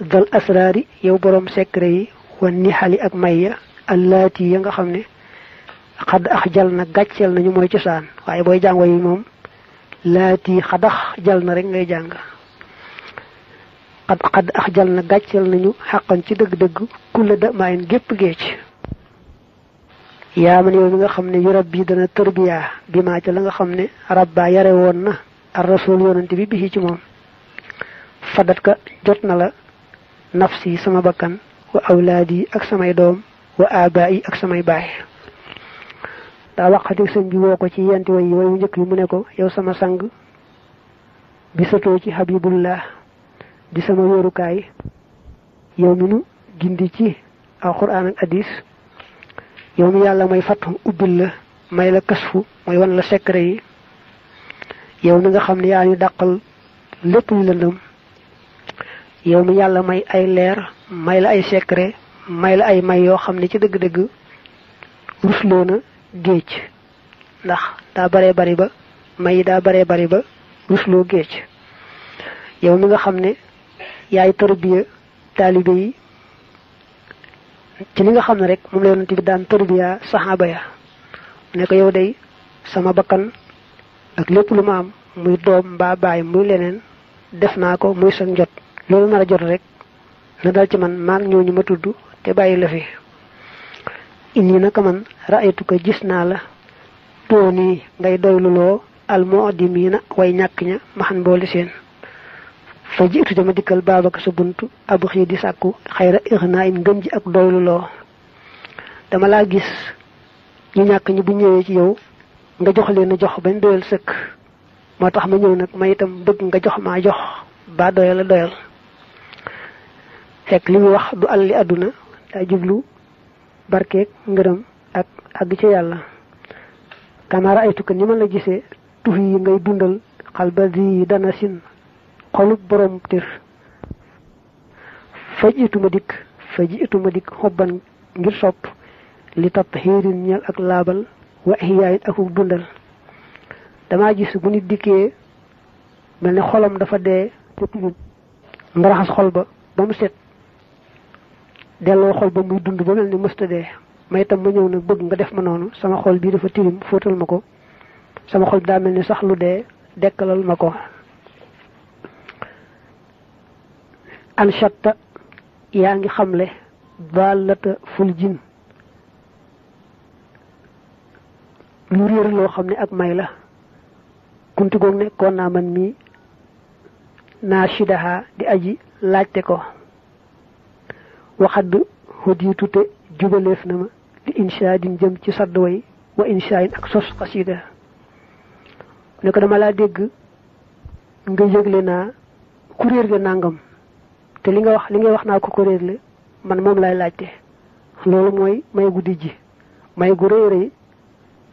dal asraari yow boroom secret yi wan nixali ak may ya allaati ya nga xam ne xad ax jal na gàcceel nañu mooy cosaan waaye booy jàngoo yi moom laati xadax jal na rek ngay jàng xad xad jal na gàcceel nañu xàqan ci dëgg-dëgg kulla da maayin gépp géej yaa man yow nga xam ne yu rab bi dana tërbiyaa bi maa ca la nga xam ne rabbaa yare woon na ar rasul yonante bi bi ci moom fadat ka jot na la nafsi sama bakkan wa awlaad yi ak samay doom wa abaa yi ak samay baay daa waqati sëñ bi woo ko ci yenti way njëkk yi mu ne ko yow sama sang bi satoo ci habibullah di sama wéerukaay yow mi nu gindi ci alquran ak hadis yow mi yàlla may fatu ubbil la may la kasfu mooy wan la secret yi yow mi nga xam ne yaa ñu dàqal lépp lu lëndëm yow mi yàlla may ay leer may la ay secret may la ay may yoo xam ne ci dëgg-dëgg rusloo na géej ndax daa baree bari ba may yi daa baree bari ba rusloo géej yow mi nga xam ne yaay tarbiya taalibe yi ci li nga xam ne rek moom la yonent bi daan tarbiya saxaaba ya ne ko yow day sama bakkan ak lépp lu ma am muy doom mbaa baay muy leneen def naa ko muy sa njot loolu nar a jot rek na dal ci man maag ñooñu ma tudd te bàyyi la fi inni naka man raaytu ko gis naa la dooni ngay doyluloo almu'dimina way ñàkk ña maxan boole seen fa jiitu dama dikkal baabaka sa bunt ab xii di sàkku xayra ixnaa in ngëm ji ak doyluloo dama laa gis ñu ñàkk ñi bu ñëwee ci yow nga jox leen jox bañ doyal sëkk moo tax ma ñëw nag ma itam bëgg nga jox maa jox baa doyal a doyal fekk li mu wax du alli aduna da jublu barke ngërëm ak àgg kamara ay tukka ni ma la gisee tux yi ngay dundal xalba yi dana sin xolub borom tir faj ituma dikk faj ituma ngir sopp li tatheerin ñal ak laabal wa iyaayit ak dundal dama gis bu nit dikkee melni xolam dafa dee te xol ba bamu set delloo xol ba muy dund ba mel ni mësta dee may itam ma ñëw nag bëgg nga def ma noonu sama xol bii dafa tilim fóotal ma ko sama xol daa mel ni sax lu dee dekkalal ma ko anshatta yaa ngi xamle baalata ful jin lu réer loo xam ne ak may la kunti goog ne kon naa man mii naa shidaha di aji laajte ko waxadd hodiitu te jubaleef na ma li inshaadin jëm ci sadd way wa inshaadin ak sos xasida ne ko dama laa dégg nga yëgle naa kuréer le nàngam te li nga wax li ngay wax naa ko kuréer le man moom laay laajte loolu mooy may guddi ji may gu rëy rëy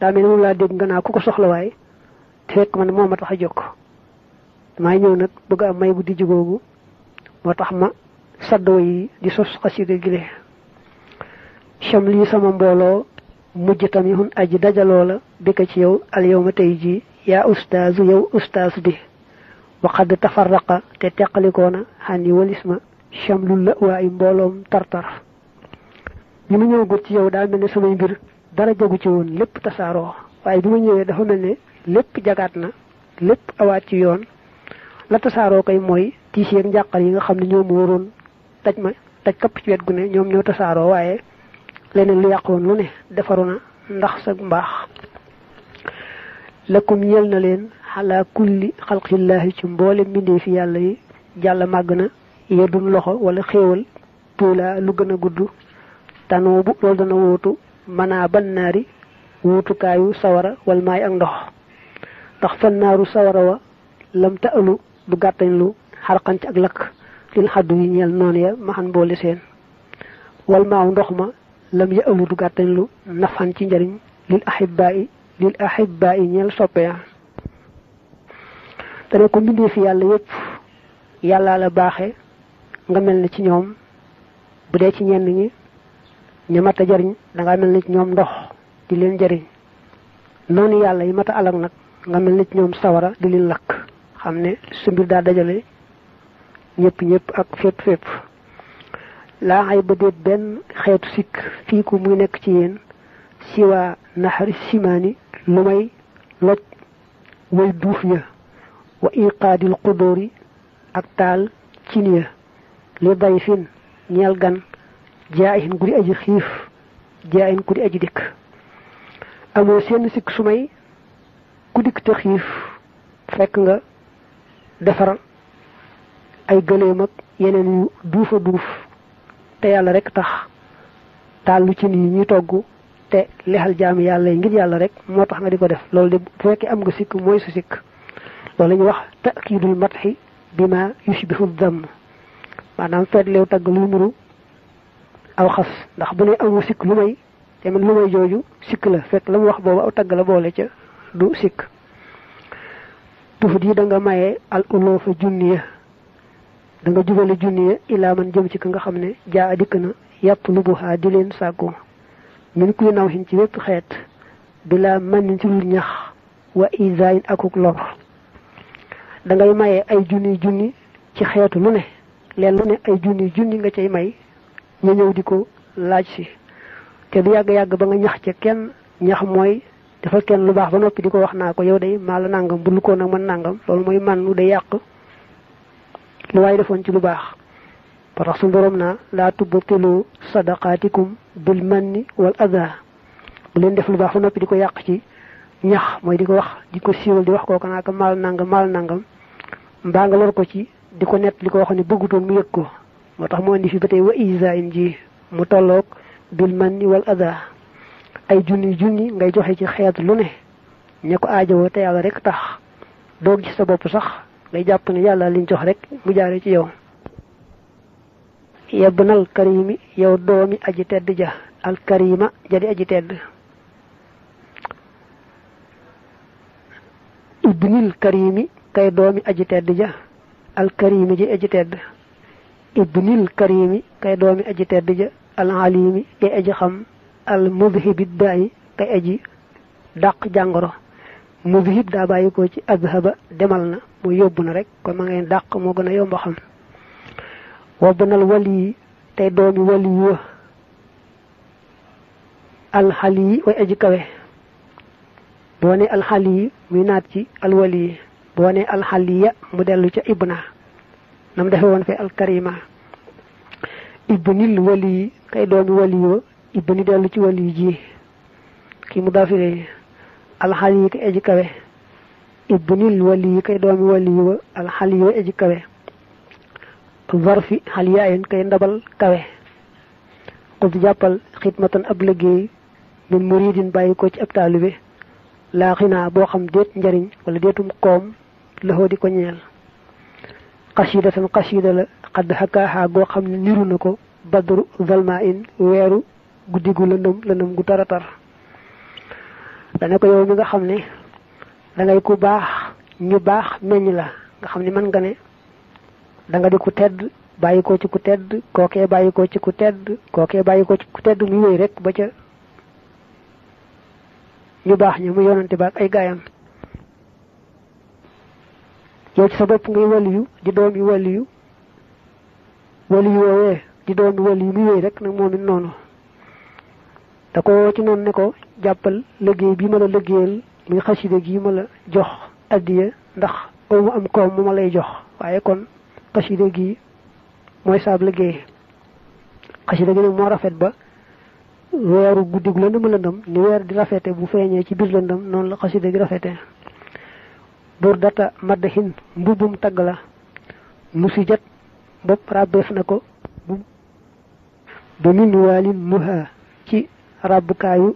daa mel ni moom laa dégg nga naa ku ko soxlawaay te fekk man moo ma tax a jokk damay ñëw nag bëgg am may guddi ji googu moo tax ma saddo yi di sos qasida gi le sama mbolo mujjitam hun aji dajalola la bika ci yow al yawma ya ustaz yow ustaz bi wa qad tafarraqa te teqalikona hani walisma shamlul la wa ay mbolom tartar ni mu ñew go ci yow da melni sama mbir dara jogu ci won lepp tasaro waye bima ñewé dafa melni lepp jagat lepp awa ci la tasaro kay moy ci yi nga xamni ñoom woron taj ma taj kapp ci wet gu ne ñoom ñoo tasaaroo waaye leneen lu yàqoon lu ne defaru na ndax sa mbaax lakum yel na leen xalaa kulli xalqillaahi ci mboole mbindeefi yàlla yi jàll màgg na yeddul loxo wala xéewal tuula lu gën a gudd tanoo bu loolu dana wóotu manaa ban naari wuutukaayu sawara wal maay ak ndox ndax fan naaru sawara wa lam ta du gàttañ lu xarqan ci ak lakk tin haddu yi ñel noonu ya maxan boole seen wal maaw ndox ma lam ya amu du gàttañ lu nafan ci njariñ lil ahibbaay lil ahibbaay ñel soppe ya dana ko mbindee fi yàlla yépp yàlla la baaxe nga mel na ci ñoom bu dee ci ñenn ñi ñu mata jariñ da nga mel ci ñoom ndox di leen jariñ noonu yàlla yi mata alag nag nga mel ci ñoom sawara di leen lakk xam ne su daa dajale yëpp yëpp ak fep fep la ay bëdé ben xéet sik fi fii ku muy nekk ci yéen siwa naxari simaani lu may loj way duuf ya wa iqad al qudur ak taal cin ya li dayfin ñal gan jaahin guri aji xif jaahin guri aji dik amoo seen sik sumay ku dik te xif fekk nga defaral ay gëléem ak yeneen yu duufa duuf te yàlla rek tax tàllu ci yi ñuy togg te lexal jaami yàlla yi ngir yàlla rek moo tax nga di ko def loolu de bu fekkee am nga sikk mooy su sikk loolu la ñuy wax takidul matxi bima yushbihu damm maanaam feetleew tagg luy muru ndax bu ne amul sikk lu may te lu may jooju sikk la fekk la mu wax boobu aw tagg la boole ca du sikk tufut yi da maye al uloo fa junniya da nga jubale junni ya ilaa man jëm ci ka nga xam ne jaa dikk na yàpp lu bu xaa di leen sàkku min kuy naw xin ci wépp xeet bilaa man ci lu ñax wa isayin akuk lor da ngay maye ay junni junni ci xeetu lu ne leen lu ne ay junni junni nga cay may ñu ñëw di ko laaj si te du yàgg-yàgg ba nga ñax ca kenn ñax mooy dafa kenn lu baax ba noppi di ko wax naa ko yow day maa la nàngam bu lu ko nag man nàngam loolu mooy man lu day yàq lu way defon ci lu baax parax sun borom na la tubtilu sadaqatikum bil manni wal adha bu len def lu bax nopi diko yak ko ci ñax moy diko wax di ko di wax ko kana ka mal nangam mal nangam mbaa nga lor ko ci di ko liko li ko wax ne mu yek ko motax mo ndi fi batay wa ji mu tolok bil manni wal adha ay junni junni ngay joxe ci xeet lu ne ña aajo aajowoo te rek tax do gis sa bop sax day jàpp ne yàlla liñ jox rek mu jaare ci yow yebnal karimi yow doomi aji tedd ja al karima ja karimi ja aji tedd ibnil karimi kay doomi aji tedd ja al alimi kay aji xam al mudhibid kay aji dàq jàngoro mudhib daa bàyyi ko ci azhaba demal na mooy yóbbu na rek kon ma ngeen dàq moo gën a yomb a xam wabnal wali tey doomi wali wa alxali yi muy naat ci alwali yi boo ne ya mu dellu ca ibna nam defe woon fe alkarima ibnil wali yi kay doomi wali wa ibni dellu ci wali ji kii mu daafile alxali kay aji kawe ibnil wali yi kay doomi wali yi wa alxal aji kawe varfi xal yaayin kay ndabal kawe xud jàppal xidmatan ab liggéey min muridin bàyyi ko ci ab taalibe laa xinaa boo xam déet njariñ wala déetum koom loxoo di ko ñeel xasidatan xasida la xadd xakaaxaa goo xam ne niru na ko badru zalma in weeru guddigu lëndëm lëndëm gu taratar dana ko yow mi nga xam ne da ku baax ñu baax meññ la nga xam ni man nga ne danga nga di ku tedd bàyyi ko ci ku tedd kookee bàyyikoo ci ku tedd kookee bàyyi ko ci ku tedd muy wéy rek ba ca ñu baax ñi mu yonante ba ay gaayam yow ci sa bopp ngay waliyu di doom yi waliyu waliyu woowee di doom yi waliyu muy wéy rek nag moom it noonu da ko ci noonu ne ko jàppal liggéey bi ma la liggéeyal muy xasida gi ma la jox adiya ndax amu am ko mu ma lay jox waaye kon xasida gi mooy saab liggéey xasida gi nag moo rafet ba weeru guddig la lëndëm ni weer di rafete bu feeñee ci biir lëndëm noonu la xasida gi rafete bur data maddahin mbubum tagg la musi jat bopp ràbbeef na ko ba min waalin muha ci ràbbukaayu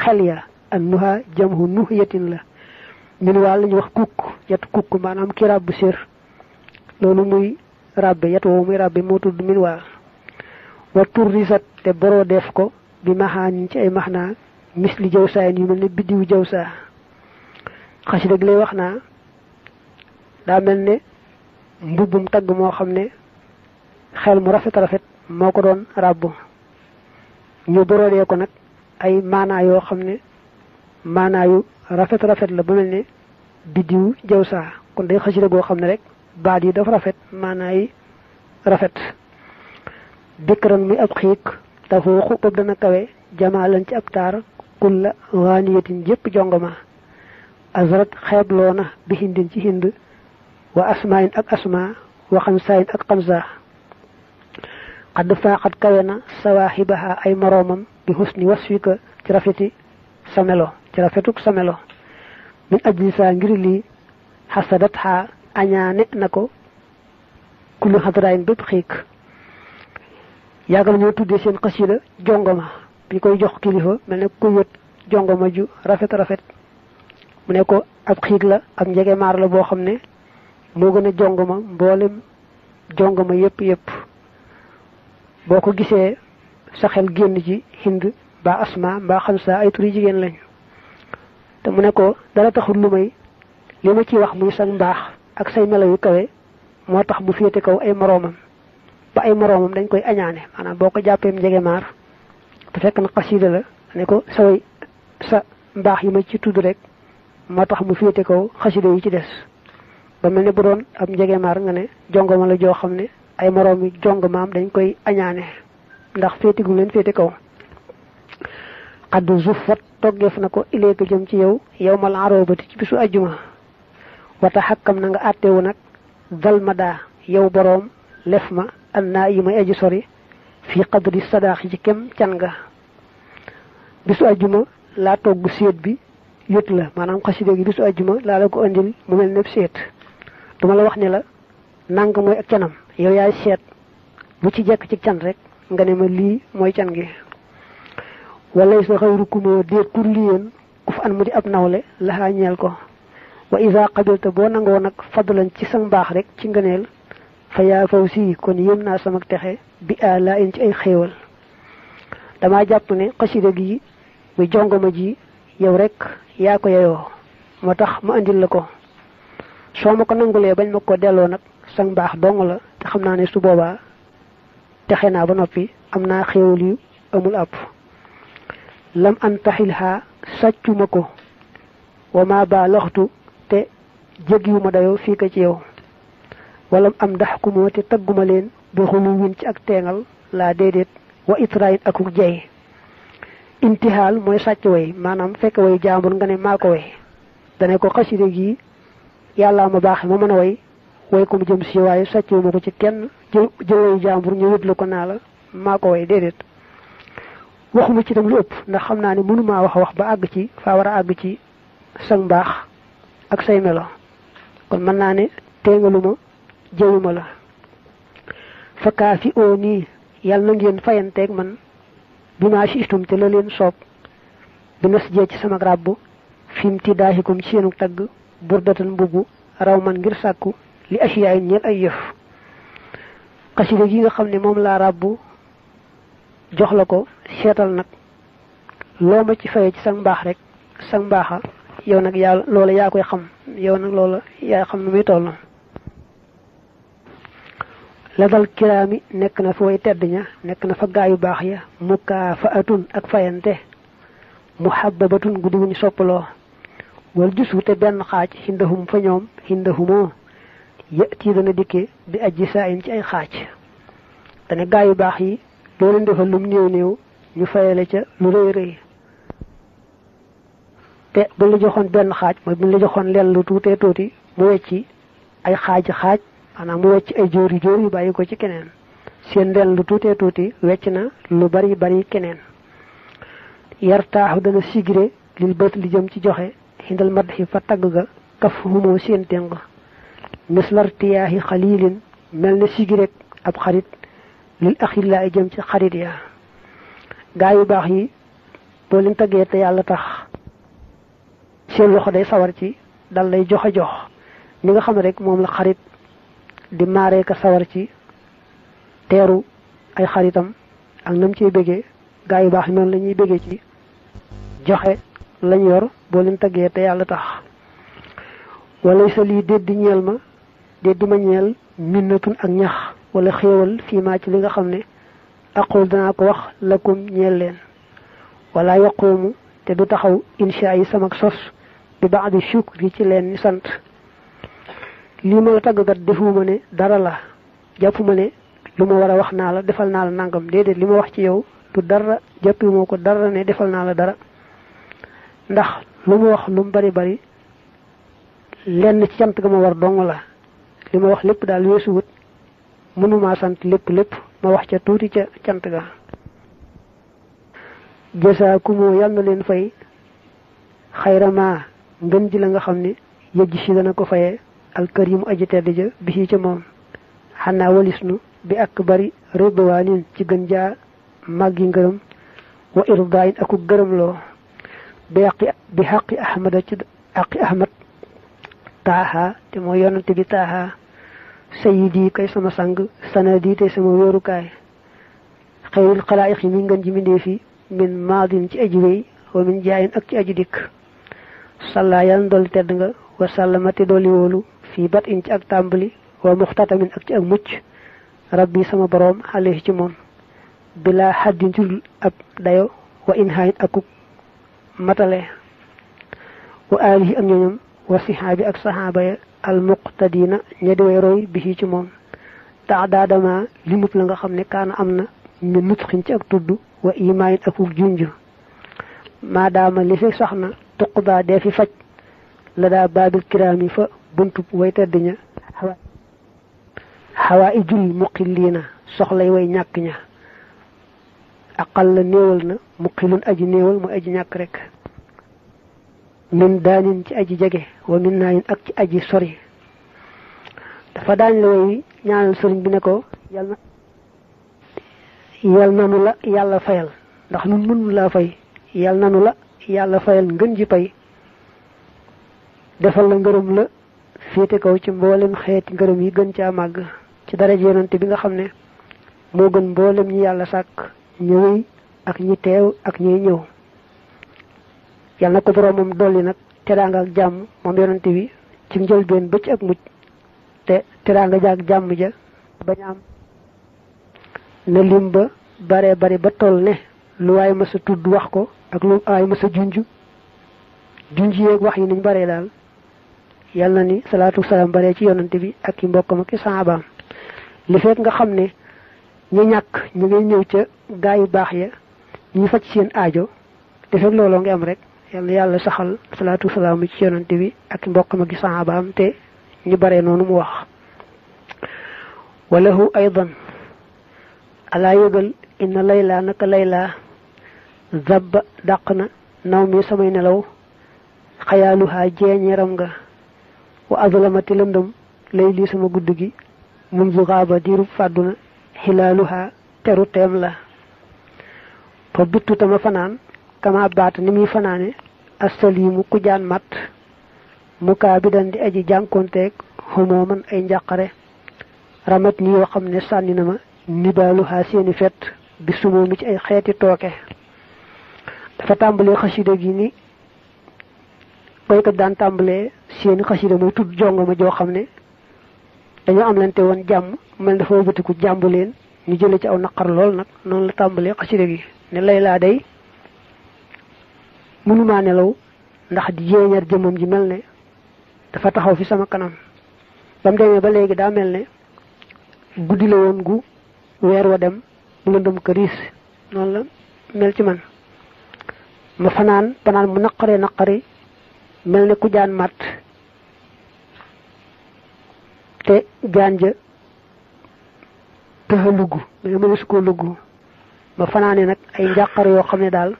xel ya annuha jamhu nuhyatin la min wal ñu wax kukk yat kukk manam ki rab sir lolu muy rabbe yat wo muy rabbe mo tudd min wa wa turrisat te boro def ko bi mahan ci ay mahna misli jawsa yu melni bidiw jawsa xasi dag lay waxna da melne mbubum tag mo xamne xel mu rafet rafet moko don ñu ko nak ay mana yo xamne maanaayu rafet rafet la ba mel ne biddiwu jaw saa kon day xasida goo xam ne rek baat yi dafa rafet maanaa yi rafet dikkaran muy ab xiik dafa xuqub dana kawe jamaalan ci ab taar kulla waaniyatin jëpp jongoma azrat xeebloona bi hindin ci hind ak asma wa xamsaayin ak xamsa xadd faaxat kawe na sawaaxibaha ay moroomam bi xusni wasfika ci rafeti sa melo ci rafetuk sa melo min ajji saa ngir lii xasadat xaa añaane na ko kullu xadraayin bépp xiik yàggal ñoo tuddee seen xasida jongoma bi koy jox kilifa mel ne ku wët jongoma ju rafet rafet mu ne ko ab xiig la ak njege maar la boo xam ne moo gën a jongoma mboolem jongoma yépp yépp boo ko gisee sa xel génn ci hind mbaa asma mbaa saa ay turi jigéen lañu te mu ne ko dara taxul lu may li ma ci wax muy sa mbaax ak say melo yu kawe moo tax mu féete kaw ay moroomam ba ay moroomam dañ koy añaane maanaam boo ko jàppee njege maar te fekk na xasiida la ne ko saway sa mbaax yi ma ci tudd rek moo tax mu féete kaw xasida yi ci des ba mel ne bu doon ab njegemaar nga ne jongoma la joo xam ne ay moroom yi jongamaam dañ koy añaane ndax féete gu leen féete kaw xadd zufat toggeef na ko ileeka jëm ci yow ma mal aroobati ci bisu ajjuma wata xakkam na nga àtteewu nag valmada yow boroom lef ma an naa yi may aji sori fii qadri sadaax ci kem can nga bisu ajjuma laa togg séet bi yët la maanaam xasida gi bisu ajjuma laa la ko andil mu mel ne séet duma la wax ne la nanga mooy ak canam yow yaay seet bu ci jekk ci can rek nga ne ma lii mooy can gi وليس غيركم دير كلين كف ان مدي اب نولي لا نيل كو واذا قبلت بو نغو نك فضلا سي سام باخ ريك سي غنيل فيا فوسي كون يمنا سمك تخي بي الا ان اي خيول دما جابني خشي ري جي وي جونغوما جي يو ريك يا كو موتاخ ما انديل لكو سوما كو نانغولي باج مكو ديلو نك سام باخ دونغ لا تخمنا ني سو بوبا تخينا با نوبي امنا خيول يو امول ابو lam an taxilha sàccuma ko wa ma ba loxtu te jéggiwuma dayoo fii ko ci yow walam am ndax ku ma te tagguma leen ba xulu win ci ak teengal laa déedéet wa ak akuk jey intihaal mooy sàcc way maanaam fekk way jaambur nga ne maa ko way dane ko xaside gi yàllaa ma baax ma mën a way way ko mu jëm si waaye sàccuma ko ci kenn jël jël way jaambur ñu wut ko naa la maa ko way déedéet waxuma ci tam lu ëpp ndax xam naa ne wax wax ba àgg ci faa war a ci sang baax ak say melo kon mën naa ne teengaluma jëwuma la fa kaafi oo nii yàlla na ngeen fayanteeg man bi maa si istum te la leen soob bi nas jee ci sama ràbb fim ti daahikum ci seenu tagg burdatan mbubbu raw man ngir sàkku li asiyaay ñeel ay yëf xasida gi nga xam ne moom laa jox la ko seetal nag loo ma ci fayee ci sa mbaax rek sa mbaaxa yow nag yaa loola yaa koy xam yow nag loola yaa xam nu muy toll. la dal kiraami nekk na fa way tedd ña nekk na fa gaayu baax ya mukaafaatun ak fayante muhabbabatun guddi gu ñu soppaloo wal jusu te benn xaaj hindahum fa ñoom hindahumoo yëti dana dikke bi ajji saa ci ay xaaj dane gaayu baax yi loo leen defal lum néew néew ñu fayale ca lu rëy rëy te buñ la joxoon benn xaaj mooy buñ la joxoon lenn lu tuutee tuuti mu wecci ay xaaji xaaj maanaam mu wecc ay jóori jóor yu bàyyi ko ci keneen seen leen lu tuutee tuuti wecc na lu bari bari keneen yar taaxu dana sigire lil bët li jëm ci joxe xindal madxi fa tagg ga kaf humoo seen téng mislar tiyaaxi xaliilin mel na sigirek ab xarit lil axillaay jëm ci xarit ya gaa yu baax yi boo leen taggee te yàlla tax seen loxo day sawar ci dal lay jox a jox ni nga xam ne moom la xarit di maaree ka sawar ci teeru ay xaritam ak nam ciy bëggee gaa yu baax yi noonu lañuy ñuy bëggee ci joxe lañ yor boo leen taggee te yàlla tax wala sa lii déddi ñeel ma déddi ma ñeel minnatun ak ñax wala xéewal fii maa ci li nga xam ne aqul danaa ko wax lakum ñeel leen wala yaquumu te du taxaw insha yi samak sos bi baax di shukri ci leen ni sant lii ma la tàggkat defuma ne dara la jàppuma ne lu ma war a wax naa la defal naa la nangam déedéet li ma wax ci yow du dara jàppi moo ko dara ne defal naa la dara ndax lu ma wax lu bari bari lenn ci cant ga ma war dong la li ma wax lépp daal weesuwut mënuma sant lépp lépp ma wax ca tuuti ca cant ga jazaakumu yàlla na leen fay xayrama ngën ji la nga xam ni yëj si dana ko faye alkarimu aji tedd ja bi ci ca moom xanaa walis nu bi ak bari ridwaanin ci gën jaa màggi ngërëm wa irdaayin aku gërëm loo bi àqi ahmada ci àqi ahmad taaha te mooy yonante bi taaha sayidi kay sama sang sanadi tey sama wéerukaay xayril xalaayiq yi mi ngën ji mindee fi min maadin ci aji wéy wa min jaayin ak ci aji dikk salla yàlla na dolli tedd nga wa sallamati dolli wóolu fii bat in ci ak tàmbali wa muxtatamin ak ci ak mucc rabbi sama boroom xale ci moom bila xaddin ci dul ab dayo wa in haayin akuk matale wa aalihi ak ñooñam وصحابي أك صحابة المقتدين يدوي روي به جموم تعداد ما لمف لنغا خمني كان أمنا من نتخين تأك تدو وإيمان أكوك جنجر ما دام لفك صحنا تقبا دافي فج لدى باب الكرامي فبنتب ويتا دنيا حوائج المقلين soxlay way ñak ña aqal la neewal na mu xilun aji neewal mu aji ñak rek min daanin ci aji jege wa naa naanin ak ci aji sori dafa daañ la woy ñaanal sëriñ bi ne ko yal na yal nanu la yàlla fayal ndax nun mënul laa fay yal nanu la yàlla fayal ngën ji pay defal la ngërëm la féete kaw ci mboolem xeeti ngërëm yi gën caa màgg ci daraja yonante bi nga xam ne moo gën mboolem ñi yàlla sàkk ñëwee ak ñi teew ak ñuy ñëw yal na ko boroomam dolli nag teraanga ak jàmm moom yonent bi ci njëlbeen ba ci ak mujj te teraanga ja jàmm ja bañ am na lim ba bare bari ba toll ne lu waay ma sa tudd wax ko ak lu waay ma sa junj junj wax yi nañ baree daal yal na ni salaatu salaam bare ci yonent bi ak i mbokkam ak i saabaam li fekk nga xam ne ñu ñàkk ñu ngay ñëw ca gaa yu baax ya ñu faj seen aajo li fekk looloo ngi am rek yàlla yàlla saxal salaatu salaam ci yonante bi ak mbokkam ak saxaabaam te ñu bare noonu mu wax walahu aydan alaa yëgal inna layla naka layla zabba dàq na naw mi samay nelaw xayaaluhaa jeeñeeram nga wa azlamati lëndëm lay sama guddi gi mun bu xaaba diirub fàdduna xilaaluhaa teru teem la fa bittu tama fanaan kama baat ni muy fanaane assalimu ku jaan mat mukaabidan di aji jànkonteeg xumooman ay njàqare ramat ni yoo xam ne sànni na ma nibaalu haa seeni fet bi mi ci ay xeeti tooke dafa tàmbalee xasida gi ni baykat daan tàmbalee seeni xasida muy tudd jongama joo xam ne dañu am lante woon jàmm mel dafa wëbatiku jàmbu leen ñu jële ci aw naqar lool nag noonu la tàmbalee xasida gi ne lay day munuma nelaw ndax di jeñar jëmum ji melne dafa taxaw fi sama kanam bam demé ba légui da melne guddi la won gu wër wa dem lëndum ris non la mel ci man ma fanan banan mu naqare naqare melne ku jaan mat te ganja, te taxalugu ma mëna su ko lugu ma fanaane nak ay njàqare yo dal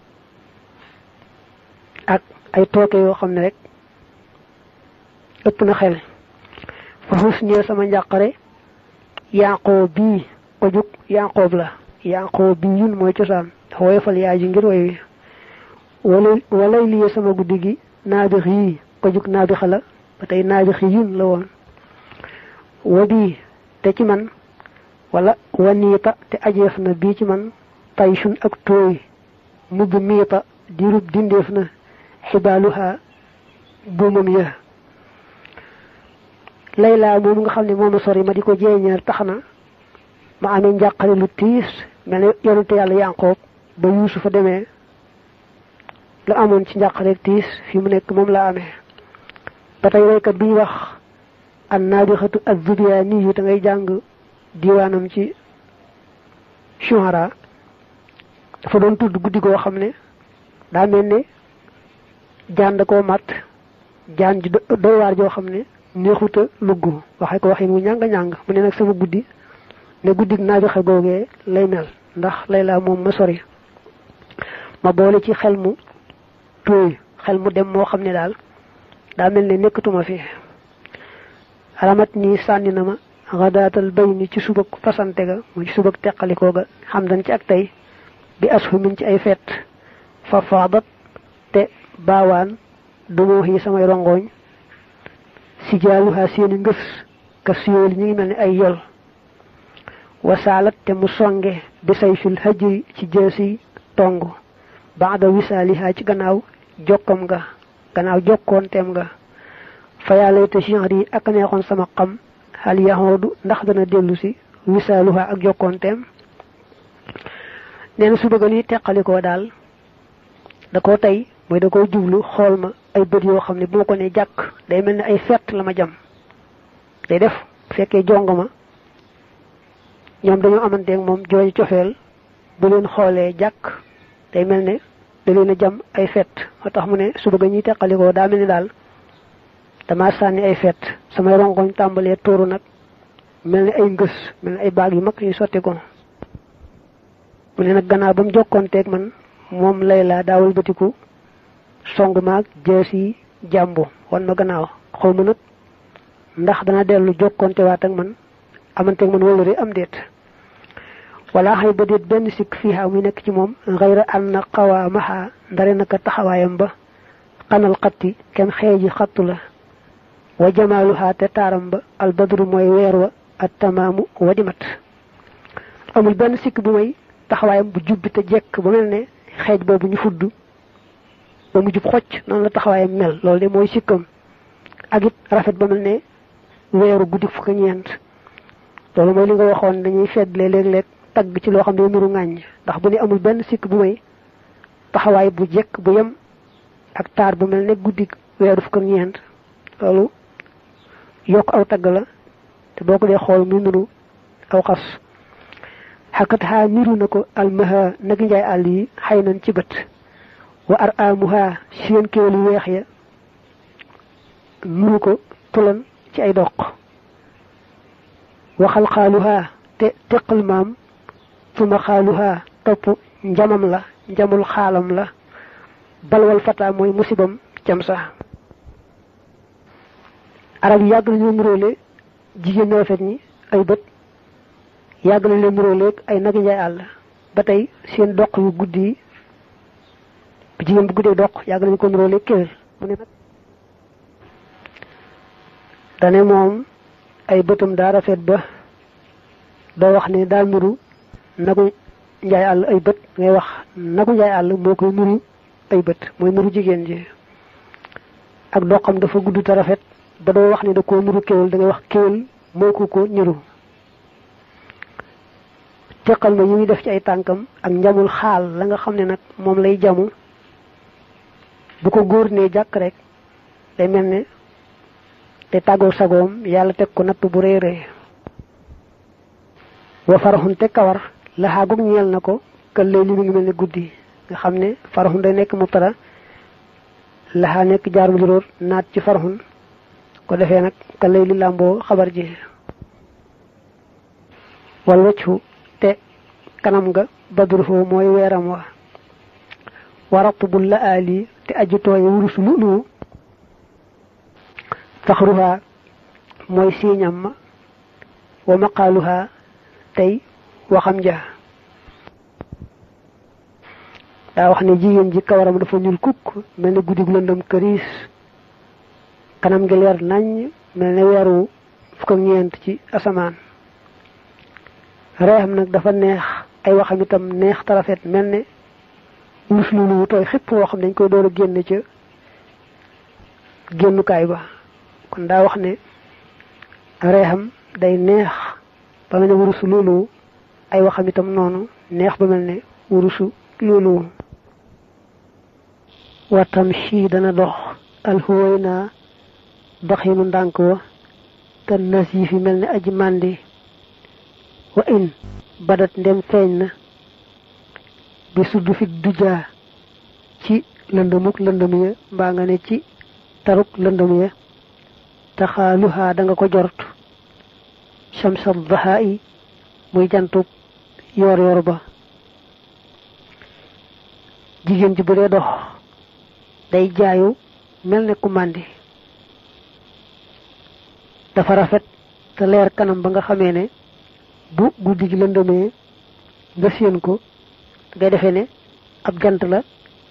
ak ay tooke yoo xam ne rek ëpp na xel fa xus ñeel sama njàqare yanqoo bii ko la yanqoo mooy cosaan dafa woyofal yaay ji ngir woy wi wala sama guddi gi naabix yii ko jug la ba tey naabix yun la woon te ci man wala waniita te ajeef na bii ci man tay sun ak tooy mugg miita dirub dindeef na xibaaluha buumam ya laylaa moom nga xam ne moom mooma sori ma di ko jeeñeel tax na ma amee njàqare lu tiis mel ne yonente yàlla yanqoob ba yuusufa demee lu amoon ci njàqare ak tiis fi mu nekk moom laa amee ba tey waykat bi wax an naadixatu ak zubiya nii yu te ngay jàng diwaanam ci shuhara dafa doon tudd guddi koo xam ne daa mel ne jaan da koo màtt jaan ji doy waar joo xam ne neexuta lugg waxe ko waxin wu ñàng-ñàng mu ne nag sama guddi ne guddig naafixe googee lay mel ndax lay laa moom ma sori ma boole ci xel mu tooy xel mu dem moo xam ne daal daa mel ne nekkatuma fi alamat nii sànni na ma xadaatal bay ni ci suba fasante ga mu ci subag teqalikoo ga xam dañ ci ak tey bi asxumin ci ay feet fa faadat te baawaan dumoo yi samay rongooñ si seeni ngëf ka siyool ñu ngi mel ni ay yol wasaalat te mu songe bi say fil hajri ci si tong baada wisaalihaa ci gannaaw jokkam nga gannaaw jokkoonteem nga te genre ak neexoon sama xam xal yaxoodu ndax dana dellu si wisaaluhaa ak jokkoonteem nee su bëggoon yi teqalikoo daal da ko tey mooy da koo jublu xool ma ay bët yoo xam ne bu ma ko ne jàkk day mel ne ay fett la ma jam day def bu fekkee jong ma ñoom dañoo amanteeg moom jooy cofeel bu leen xoolee jàkk day mel ne da a jam ay fett moo tax mu ne su bëgg ñuy teqalikoo daa mel ni daal dama sànni ay fett samay rongoñ tàmbalee tooru nag mel ni ay ngës mel ni ay baag yu mag yu sotti ko mu ne nag gannaaw ba mu jokkoonteeg man moom lay laa daawal bëtiku song maag jees yi jàmbu wan gannaaw xaw ma ndax dana dellu jokkonte waat ak man amanteeg man wala am déet wala xëy ba déet benn sikk fii xaw muy nekk ci moom xayra an na xawaa maxaa ndare naka taxawaayam ba xanal xatti kenn xeeji xatu la wa jamaaluha te taaram ba albadru mooy weer wa at tamaamu wadimat amul benn sikk bu may taxawaayam bu jubbi te jekk ba mel ne xeej boobu ñu fudd ba mu jub xocc noonu la taxawaayam mel loolu de mooy sikkam ak it rafet ba mel ne weeru guddi fukki ñeent loolu mooy li nga waxoon dañuy feddle léeg-léeg tagg ci loo xam ne muru ŋàññ ndax bu ne amul benn sikk bu may taxawaay bu jekk bu yem ak taar bu mel ne guddi weeru fukki ñeent loolu yokk aw tagg la te boo ko dee xool muy nuru aw xas xakat xaa niru na ko almaha nag njaay àll yi xay nañ ci bët wa ar amuha seen kéwél yu weex ya nuru ko tulan ci ay doq waxal xaaluha te teqal maam suma xaaluha topp njamam la njamul xaalam la balwal fata mooy musibam cam sax arab yàgg nañoo muróole jigéen rafet ñi ay bët yàgg nañ leen muróoleeg ay nag njaay àll ba tey seen doq yu guddi bu jigéen bu guddee doq yàgg nañu ko nuróole kéwél mu ne dane moom ay bëtam daa rafet ba doo wax ni daal nuru nagu njaay àll ay bët ngay wax nagu njaay àll moo koy nuru ay bët mooy nuru jigéen ji ak doqam dafa gudd te rafet ba doo wax ni da koo nuru kéwél da wax kéwél moo ko ko niru teqal ma yi muy def ci ay tànkam ak njamul xaal la nga xam ne nag moom lay jamu bu ko góor ne jàkk rek day mel ne te tàggoo sagoom yàlla teg ko natt bu rëy rëy wa faraxun te kawar laxaagug ñeel na ko kël lay li mu ngi mel ne guddi nga xam ne faraxun day nekk mubtada laxaa nekk jaar mu juróor naat ci faraxun ko defee nag kël lay li làmboo xabar ji wal waccu te kanam nga badruhu mooy weeram wa waratu bu la aali te aju tooy wurus lulu faxruha mooy siiñam ma wa maqaaluha tey waxam ja daa wax ne jigéen ji kawaram dafa ñuul kukk mel ne guddig lëndëm këriis kanam gi leer nañ mel ni weeru fukk ak ñeent ci asamaan reexam nag dafa neex ay waxam itam neex tarafet mel ni muslu lu tooy xëpp woo xam dañ koy door a génn ca génnukaay ba kon daa wax ne reexam day neex ba mel ne wurusu loolu ay waxam itam noonu neex ba mel ne wurusu loolu watam ci dana dox alxuway naa doxinu ndànk wa te nas yi fi mel ne aji màndi wa in badat ndem feeñ na bi suddu fi dujaa ci lendumuk lëndëm ya nga ne ci taruk lendomie, ya taxaaluhaa da nga ko jortu shamsa dhahai muy jantuk yor yor ba jigen ci bu dox day jaayu melne ku dafa rafet te leer kanam ba nga bu guddi gi lëndëmee nga seen ko ngay defee ne ab gant la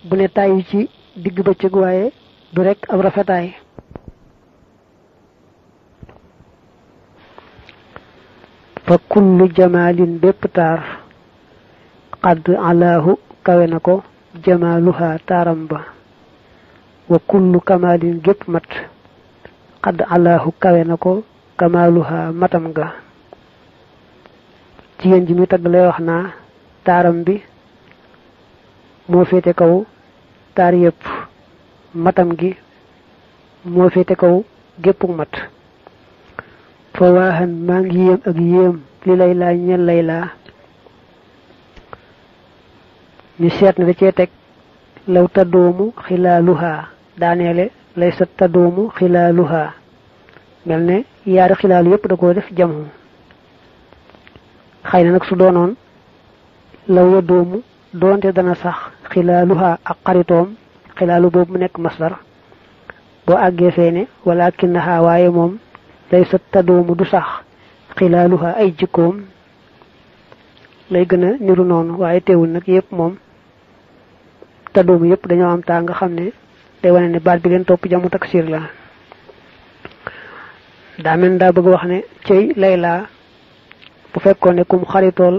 bu ne tàyyi ci digg bëccëg waaye du rekk ab rafetaay fa kullu jamaalin bépp taar xadd alaahu kawe na ko jamaaluha taaram ba wa kullu kamaalin gépp mat xadd alaahu kawe na ko kamaaluha matam ga jigéen ji muy tagg lay wax naa taaram bi moo féete kaw taar yëpp matam gi moo féete kaw géppuk mat fa waaxan maa ngi yéem ak yéem li lay laa ñel lay laa ñu seet ne da cee teg law xilaalu xilaaluhaa daaneele lay sa taddoomu xilaaluhaa mel ne yaari xilaalu yëpp da koo def jamu xëy na nag su doonoon law ya doomu doonte dana sax xilaaluha ak xaritoom xilaalu boobu mu nekk masdar boo àggee fee ne walakinaha waaye moom lay sa tadoomu du sax xilaaluha ay jikkoom lay gën a niru noonu waaye teewul nag yëpp moom tadoomu yëpp dañoo am taa nga xam ne day wane ne baat bi leen topp jamu taksir la daa mel daa bëgg wax ne cëy lay bu fekkoon ne kum xaritool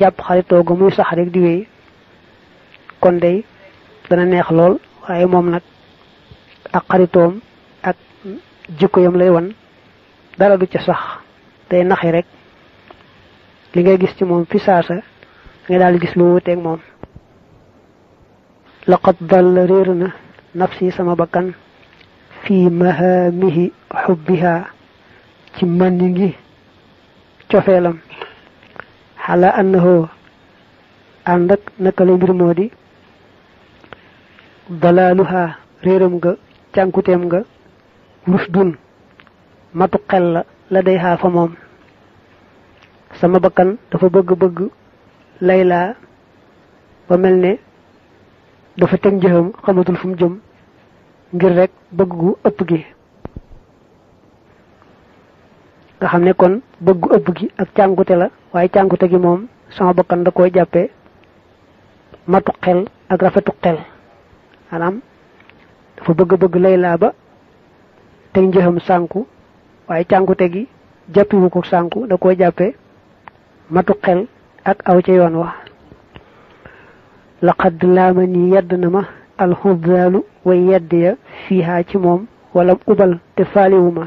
jàpp xaritoo gu muy sax rek di wéy kon day dana neex lool waaye moom nag ak xaritoom ak jikko yam lay wan dara du ca sax day naxi rek li ngay gis ci moom fi saasa nga daal gis lu wuteeg moom laqad dal réer na nafsi sama bakkan fii mahaamihi xubbiha ci man ngi cofeelam xala annahu ànd ak naka la mbir moo di dalaaluha réeram nga cànkuteem nga rusdun matu xel la la day xaa fa moom sama bakkan dafa bëgg-bëgg laylaa ba mel ne dafa teg njëxam xamatul fu mu jëm ngir rek bëgg ëpp gi nga xam ne kon bëggu ëpp gi ak càngute la waaye càngute gi moom sama bakkan da koo jàppe matu xel ak rafetu xel maanaam dafa bëgg-bëgg laylaa sànku waaye càngute gi jàppiwu ko sànku da koo jàppe matu xel ak aw ca yoon wa laqad laama ni yedd na ma alxudaalu way yedd ya fiihaa ci moom wala ubal te faaliwu ma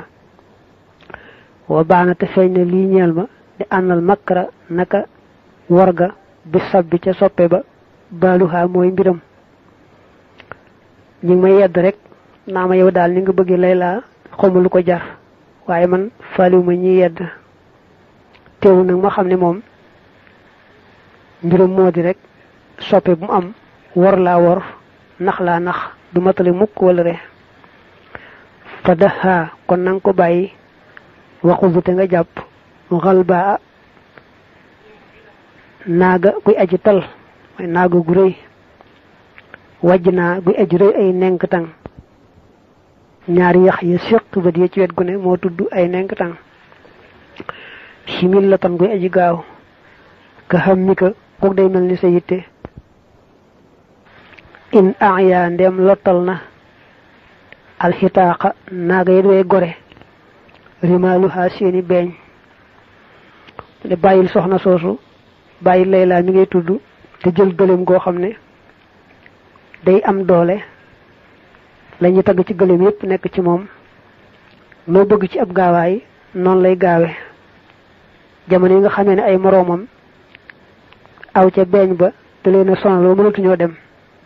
wa baana te feeñ na lii ñeel ma di ànnal makkara naka warga bi sabbi ca soppe ba baaluhaa mooy mbiram ñi ngi may yedd rek naa ma yow daal ni nga bëggee lay laa xawma lu ko jar waaye man faaliwu ma yedd teewu nag ma xam ne moom mbiram moo di rek soppe bu mu am wor laa wor nax laa nax du matale mukk wala re fa daha kon nanga ko bàyyi waxudu te nga jàpp mu xal baa naaga guy aji tal mooy naaga gu rëy wàjj naa guy aji rëy ay nenk tang ñaari yax ya séq bët ya ci wet gu ne moo tudd ay nenk tang simil la tan guy aji gaaw ka xam ni ka kook day mel ni sa yitte in ayaa ndem lottal na alxitaaqa naaga yi doy gore rimaaluha seeni beeñ ne bàyyil soxna soosu bàyyil laylaa mi ngay tudd te jël gëléem goo xam ne day am doole la ñuy tagg ci gëléem yépp nekk ci moom loo bëgg ci ab gaawaay noonu lay gaawe jamono yi nga xamee ne ay moroomam aw ca beeñ ba te leen a sonaloo mënatuñoo dem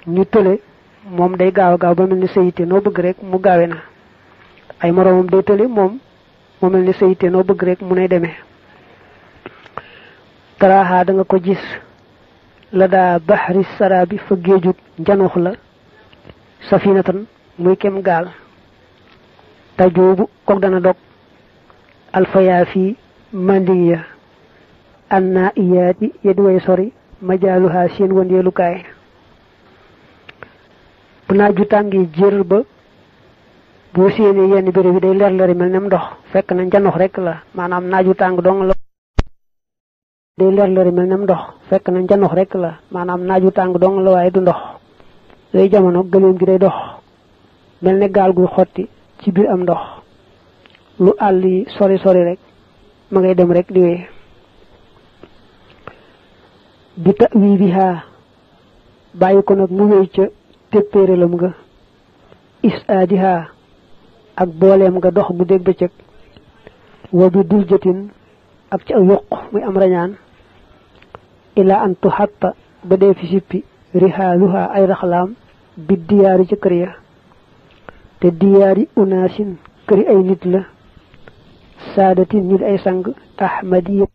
ñu tële moom day gaaw a gaaw ba mel ni sayite noo bëgg rek mu gaawe na ay moroomam day tële moom mo melni sa yité ya, no bëgg rek mu ne démé taraha da nga ko gis la da bahri sarabi fa geejut janux la safinatan muy kem gaal tajubu kok dana dog alfayafi mandiya anna iyati yedway sori majaluha seen wandelu kay buna ju tangi jër ba boo séenee yenn béréb yi day leer leeri mel nem ndox fekk na njanux rek la maanaam naaj tàng dong la day leer leeri mel fekk na njanux rek la maanaam naaju tàng dong la waaye du ndox yooyu jamono gëléem gi day dox mel ne gaal guy xotti ci biir am ndox lu àll yi sori sori rek ma ngay dem rek di wee bi wii bi haa bàyyi ko nag mu wéy ca téppéeralam nga is aadi haa ak booleem nga dox bu dégg bëccëg wa bi dul jëtin ak ci ak yuq muy am rañaan ila an tuhatta ba dee fi rihaaluha ay raxlaam bi diyaari ca kër ya te diyaari unaasin këri ay nit la saadatin ñu di ay sang ahmadiya